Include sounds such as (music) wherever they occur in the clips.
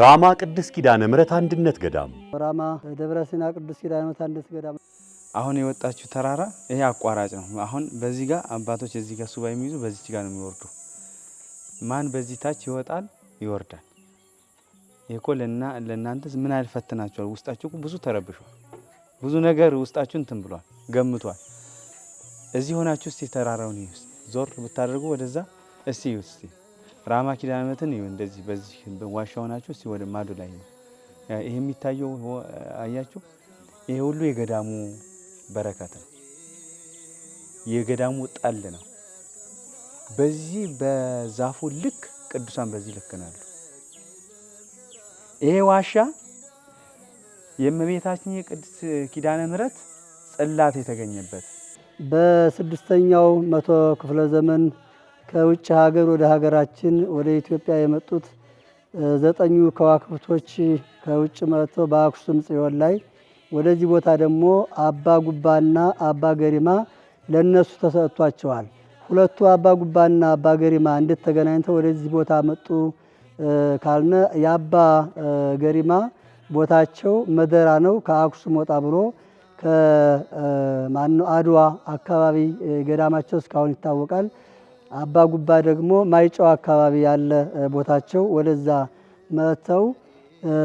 ራማ ቅድስ ኪዳነ ምሕረት አንድነት ገዳም ራማ ደብረ ሲና ቅድስት ኪዳነ ምሕረት አንድነት ገዳም አሁን የወጣችሁ ተራራ ይሄ አቋራጭ ነው። አሁን በዚህ ጋር አባቶች እዚህ ጋር ሱባ የሚይዙ በዚች ጋር ነው የሚወርዱ። ማን በዚህ ታች ይወጣል ይወርዳል። ይሄ እኮ ለእናንተ ምን ያህል ፈትናችኋል። ውስጣችሁ ብዙ ተረብሿል። ብዙ ነገር ውስጣችሁ እንትን ብሏል፣ ገምቷል። እዚህ ሆናችሁ እስቲ ተራራውን ይዩስ ዞር ብታደርጉ ወደዛ እስቲ ይዩስ እስቲ ራማ ኪዳነ ምሕረትን እንደዚህ በዚህ ዋሻው ናቸው እስቲ ወደ ማዶ ላይ ነው ይሄ የሚታየው አያችሁ ይሄ ሁሉ የገዳሙ በረከት ነው የገዳሙ ጠል ነው በዚህ በዛፉ ልክ ቅዱሳን በዚህ ልክ ናሉ ይሄ ዋሻ የእመቤታችን የቅድስት ኪዳነ ምሕረት ጽላት የተገኘበት በስድስተኛው መቶ ክፍለ ዘመን ከውጭ ሀገር ወደ ሀገራችን ወደ ኢትዮጵያ የመጡት ዘጠኙ ከዋክብቶች ከውጭ መጥተው በአክሱም ጽዮን ላይ ወደዚህ ቦታ ደግሞ አባ ጉባና አባ ገሪማ ለእነሱ ተሰጥቷቸዋል። ሁለቱ አባ ጉባና አባ ገሪማ እንዴት ተገናኝተው ወደዚህ ቦታ መጡ ካልነ የአባ ገሪማ ቦታቸው መደራ ነው። ከአክሱም ወጣ ብሎ ከማነው አድዋ አካባቢ ገዳማቸው እስካሁን ይታወቃል። አባ ጉባ ደግሞ ማይጨው አካባቢ ያለ ቦታቸው ወደዛ መጥተው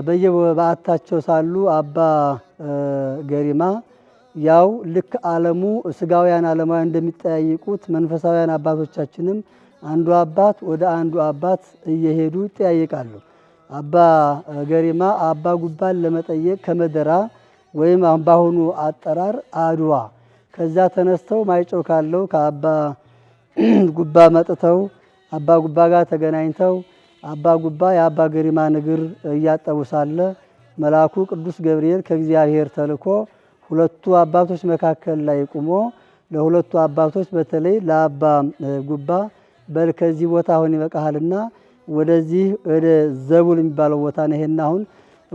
በየበዓታቸው ሳሉ አባ ገሪማ ያው ልክ ዓለሙ ስጋውያን ዓለማውያን እንደሚጠያይቁት መንፈሳውያን አባቶቻችንም አንዱ አባት ወደ አንዱ አባት እየሄዱ ይጠያይቃሉ። አባ ገሪማ አባ ጉባን ለመጠየቅ ከመደራ ወይም በአሁኑ አጠራር አድዋ ከዛ ተነስተው ማይጨው ካለው ከአባ (clears throat) ጉባ መጥተው አባ ጉባ ጋር ተገናኝተው አባ ጉባ የአባ ገሪማ እግር እያጠቡ ሳለ መልአኩ ቅዱስ ገብርኤል ከእግዚአብሔር ተልኮ ሁለቱ አባቶች መካከል ላይ ቁሞ ለሁለቱ አባቶች በተለይ ለአባ ጉባ በል ከዚህ ቦታ አሁን ይበቃሃልና ወደዚህ ወደ ዘቡል የሚባለው ቦታ ይሄና አሁን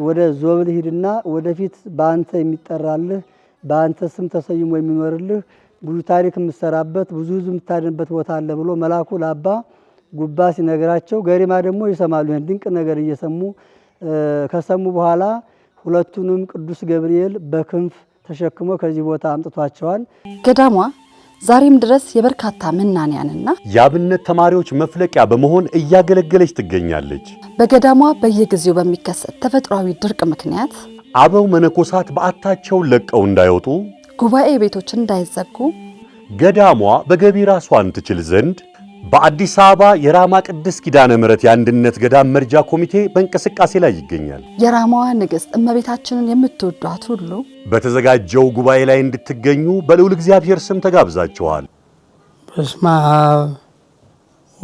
ወደ ዞብል ሂድና ወደፊት በአንተ የሚጠራልህ በአንተ ስም ተሰይሞ የሚኖርልህ ብዙ ታሪክ የምትሰራበት ብዙ ህዝብ የምታድንበት ቦታ አለ ብሎ መላኩ ለአባ ጉባ ሲነግራቸው ገሪማ ደግሞ ይሰማሉ። ይህን ድንቅ ነገር እየሰሙ ከሰሙ በኋላ ሁለቱንም ቅዱስ ገብርኤል በክንፍ ተሸክሞ ከዚህ ቦታ አምጥቷቸዋል። ገዳሟ ዛሬም ድረስ የበርካታ መናንያንና የአብነት ተማሪዎች መፍለቂያ በመሆን እያገለገለች ትገኛለች። በገዳሟ በየጊዜው በሚከሰት ተፈጥሯዊ ድርቅ ምክንያት አበው መነኮሳት በዓታቸውን ለቀው እንዳይወጡ ጉባኤ ቤቶች እንዳይዘጉ ገዳሟ በገቢ ራሷን ትችል ዘንድ በአዲስ አበባ የራማ ቅድስት ኪዳነ ምሕረት የአንድነት ገዳም መርጃ ኮሚቴ በእንቅስቃሴ ላይ ይገኛል። የራማዋ ንግሥት እመቤታችንን የምትወዷት ሁሉ በተዘጋጀው ጉባኤ ላይ እንድትገኙ በልዑል እግዚአብሔር ስም ተጋብዛችኋል። በስመ አብ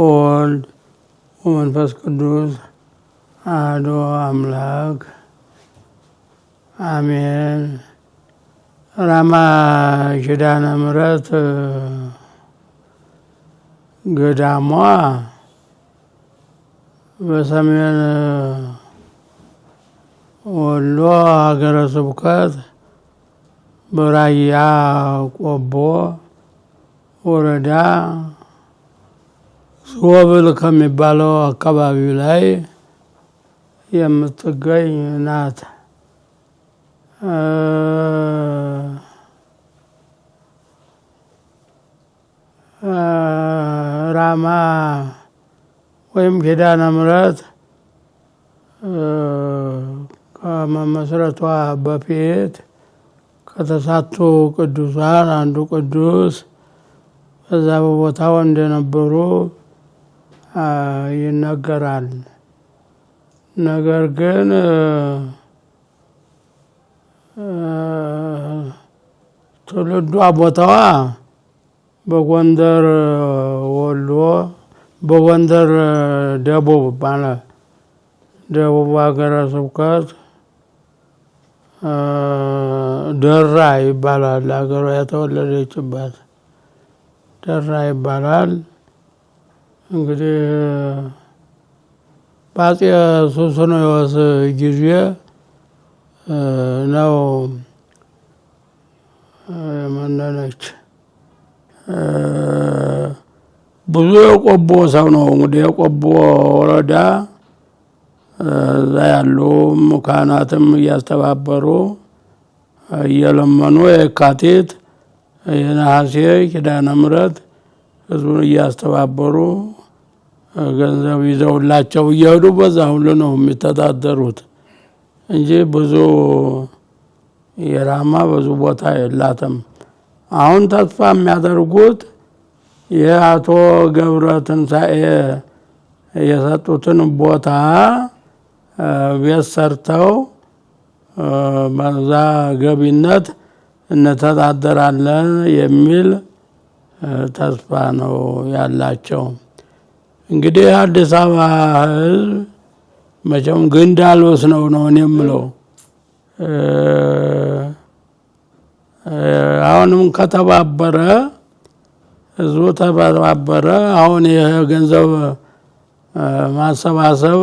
ወወልድ ወመንፈስ ቅዱስ አሐዱ አምላክ አሜን። ራማ ኪዳነ ምሕረት ገዳሟ በሰሜን ወሎ ሀገረ ስብከት በራያ ቆቦ ወረዳ ስወብል ከሚባለው አካባቢ ላይ የምትገኝ ናት። ራማ ወይም ኪዳነ ምሕረት ከመመስረቷ በፊት ከተሳቱ ቅዱሳን አንዱ ቅዱስ በዛ በቦታው እንደነበሩ ይነገራል። ነገር ግን ትውልዷ ቦታዋ በጎንደር ወሎ በጎንደር ደቡብ ይባላል። ደቡብ ሀገረ ስብከት ደራ ይባላል። ሀገሯ የተወለደችበት ደራ ይባላል። እንግዲህ በአፄ ሱስንዮስ ጊዜ ነው መነነች ብዙ የቆቦ ሰው ነው እንግዲህ የቆቦ ወረዳ እዛ ያሉ ካህናትም እያስተባበሩ እየለመኑ የካቲት የነሐሴ ኪዳነ ምሕረት ህዝቡን እያስተባበሩ ገንዘብ ይዘውላቸው እየሄዱ በዛ ሁሉ ነው የሚተዳደሩት። እንጂ ብዙ የራማ ብዙ ቦታ የላትም። አሁን ተስፋ የሚያደርጉት የአቶ ገብረ ትንሣኤ የሰጡትን ቦታ ቤት ሰርተው በዛ ገቢነት እንተዳደራለን የሚል ተስፋ ነው ያላቸው። እንግዲህ አዲስ አበባ ሕዝብ መቼም ግንድ ነው ነው እኔ የምለው። አሁንም ከተባበረ ህዝቡ ተባበረ። አሁን የገንዘብ ማሰባሰብ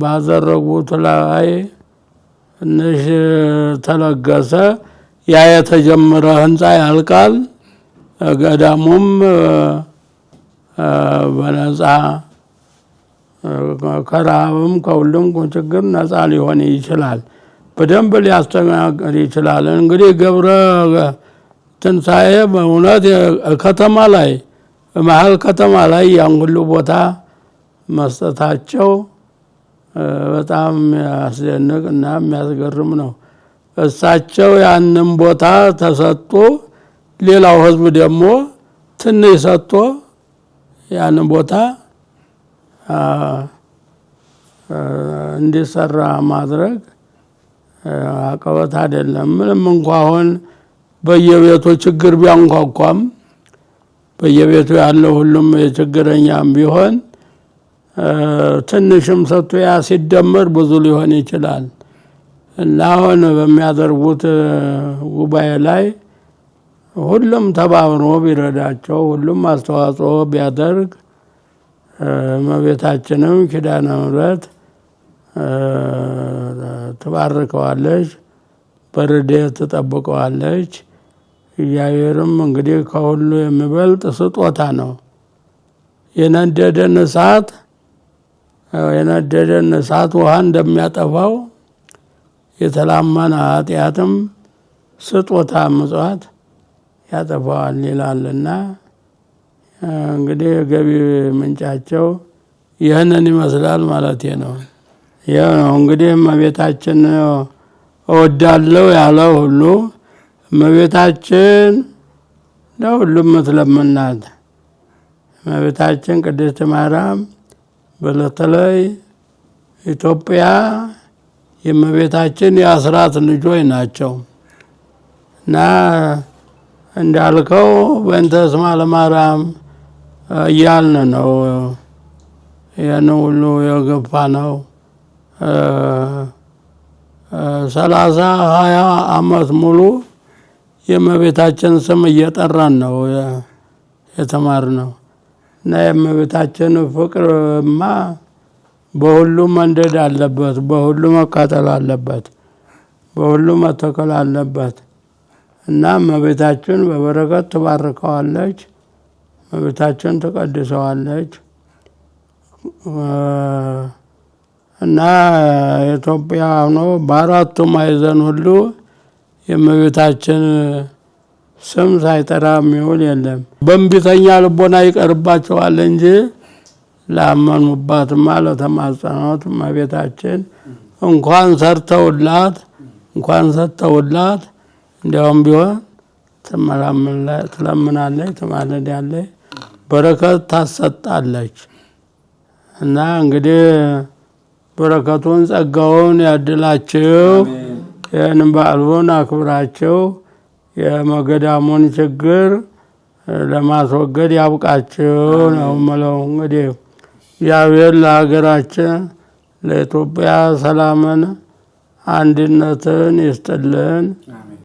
ባደረጉት ላይ ትንሽ ተለገሰ። ያ የተጀመረ ህንፃ ያልቃል። ገዳሙም በነፃ ከረሃብም ከሁሉም ችግር ነፃ ሊሆን ይችላል። በደንብ ሊያስተናግድ ይችላል። እንግዲህ ገብረ ትንሣኤ በእውነት ከተማ ላይ መሀል ከተማ ላይ ያን ሁሉ ቦታ መስጠታቸው በጣም የሚያስደንቅ እና የሚያስገርም ነው። እሳቸው ያንም ቦታ ተሰጥቶ ሌላው ህዝብ ደግሞ ትንሽ ሰጥቶ ያንን ቦታ እንዲሰራ ማድረግ አቀበት አይደለም። ምንም እንኳ አሁን በየቤቱ ችግር ቢያንኳኳም በየቤቱ ያለው ሁሉም የችግረኛም ቢሆን ትንሽም ሰጥቶ ያ ሲደመር ብዙ ሊሆን ይችላል እና አሁን በሚያደርጉት ጉባኤ ላይ ሁሉም ተባብሮ ቢረዳቸው ሁሉም አስተዋጽኦ ቢያደርግ እመቤታችንም ኪዳነ ምሕረት ትባርከዋለች፣ በርዴት ትጠብቀዋለች። እግዚአብሔርም እንግዲህ ከሁሉ የሚበልጥ ስጦታ ነው። የነደደን እሳት የነደደን እሳት ውሃ እንደሚያጠፋው የተላመነ ኃጢአትም ስጦታ ምጽዋት ያጠፋዋል ይላልና እንግዲህ የገቢ ምንጫቸው ይህንን ይመስላል ማለት ነው። ይህ ነው እንግዲህ እመቤታችን እወዳለሁ ያለው ሁሉ እመቤታችን ለሁሉም ምትለምናት እመቤታችን ቅድስት ማርያም በተለይ ኢትዮጵያ የእመቤታችን የአስራት ልጆች ናቸው እና እንዳልከው በእንተ ስማ ለማርያም እያልን ነው ያን ሁሉ የገባ ነው። ሰላሳ ሀያ አመት ሙሉ የእመቤታችን ስም እየጠራን ነው የተማር ነው እና የእመቤታችን ፍቅርማ በሁሉ መንደድ አለበት፣ በሁሉ መቃጠል አለበት፣ በሁሉ መተከል አለበት እና እመቤታችን በበረከት ትባርከዋለች። እግታችን ተቀድሰዋለች እና ኢትዮጵያ ሆኖ በአራቱ ማዕዘን ሁሉ የእመቤታችን ስም ሳይጠራ የሚውል የለም። በእንቢተኛ ልቦና ይቀርባቸዋል እንጂ ላመኑባትማ ለተማጸኑት እመቤታችን እንኳን ሰርተውላት እንኳን ሰጥተውላት እንዲያውም ቢሆን ትለምናለች፣ ትማልዳለች። በረከት ታሰጣለች እና እንግዲህ በረከቱን ጸጋውን ያድላችሁ። ይህንም በዓሉን አክብራችሁ የመገዳሙን ችግር ለማስወገድ ያብቃችሁ ነው የምለው። እንግዲህ እግዚአብሔር ለሀገራችን ለኢትዮጵያ ሰላምን አንድነትን ይስጥልን።